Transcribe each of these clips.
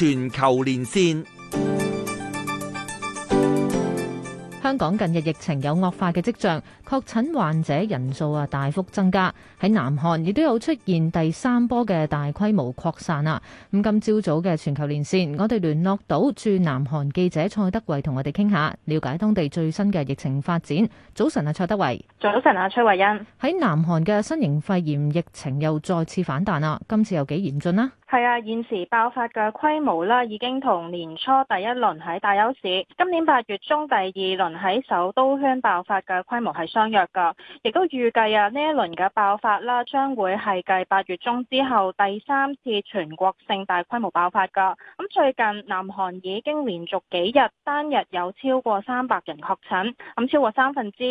全球連線，香港近日疫情有惡化嘅跡象，確診患者人數啊大幅增加。喺南韓亦都有出現第三波嘅大規模擴散啦。咁今朝早嘅全球連線，我哋聯絡到駐南韓記者蔡德蕙同我哋傾下，了解當地最新嘅疫情發展。早晨啊，蔡德蕙。早晨啊，崔蔚恩。喺南韓嘅新型肺炎疫情又再次反彈啦，今次有幾嚴峻啊？係啊，現時爆發嘅規模啦，已經同年初第一輪喺大邱市、今年八月中第二輪喺首都圈爆發嘅規模係相若㗎。亦都預計啊，呢一輪嘅爆發啦，將會係繼八月中之後第三次全國性大規模爆發㗎。咁最近南韓已經連續幾日單日有超過三百人確診，咁超過三分之二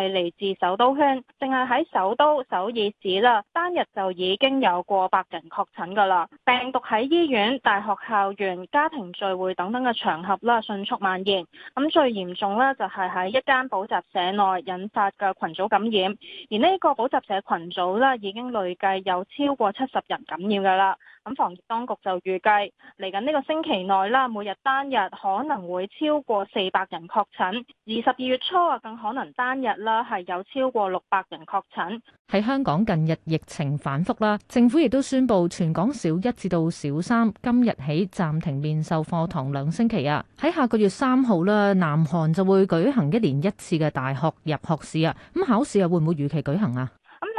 係嚟自首都圈，淨係喺首都首爾市啦，單日就已經有過百人確診㗎啦。病毒喺醫院、大學校園、家庭聚會等等嘅場合啦，迅速蔓延。咁最嚴重呢，就係喺一間補習社內引發嘅群組感染，而呢個補習社群組呢，已經累計有超過七十人感染㗎喇。咁防疫當局就預計嚟緊呢個星期內啦，每日單日可能會超過四百人確診，而十二月初啊，更可能單日啦係有超過六百人確診。喺香港近日疫情反覆啦，政府亦都宣布全港小一至到小三今日起暫停面授課堂兩星期啊。喺下個月三號啦，南韓就會舉行一年一次嘅大學入學試啊，咁考試又會唔會如期舉行啊？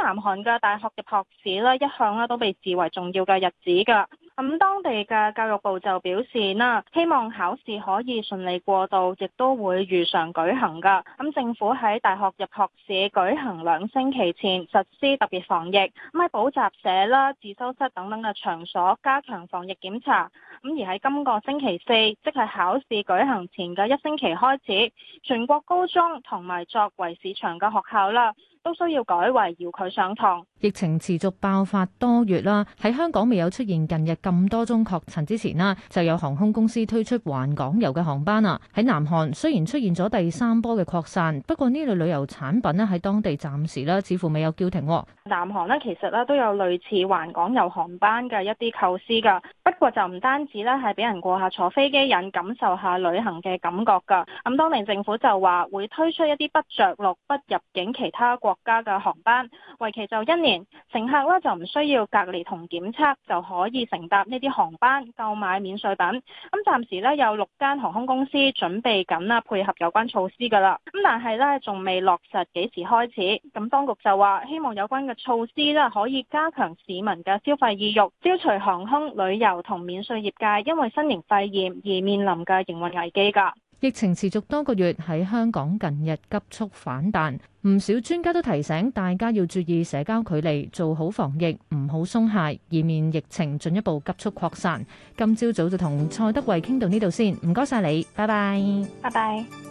南韓嘅大學入學史咧，一向咧都被視為重要嘅日子噶。咁當地嘅教育部就表示啦，希望考試可以順利過渡，亦都會如常舉行噶。咁政府喺大學入學試舉行兩星期前實施特別防疫，咁喺補習社啦、自修室等等嘅場所加強防疫檢查。咁而喺今個星期四，即係考試舉行前嘅一星期開始，全國高中同埋作為試場嘅學校啦。都需要改為遙距上堂。疫情持續爆發多月啦，喺香港未有出現近日咁多宗確診之前啦，就有航空公司推出環港遊嘅航班啦。喺南韓雖然出現咗第三波嘅擴散，不過呢類旅遊產品咧喺當地暫時咧似乎未有叫停。南韓咧其實咧都有類似環港遊航班嘅一啲構思噶，不過就唔單止咧係俾人過下坐飛機，癮感受下旅行嘅感覺噶。咁當地政府就話會推出一啲不着陸、不入境其他國國家嘅航班，為期就一年，乘客咧就唔需要隔離同檢測就可以乘搭呢啲航班，購買免稅品。咁、嗯、暫時呢，有六間航空公司準備緊啦，配合有關措施噶啦，咁但係呢，仲未落實幾時開始。咁、嗯、當局就話希望有關嘅措施呢，可以加強市民嘅消費意欲，消除航空、旅遊同免稅業界因為新型肺炎而面臨嘅營運危機噶。疫情持續多個月，喺香港近日急速反彈，唔少專家都提醒大家要注意社交距離，做好防疫，唔好鬆懈，以免疫情進一步急速擴散。今朝早就同蔡德蕙傾到呢度先，唔該晒你，拜拜，拜拜。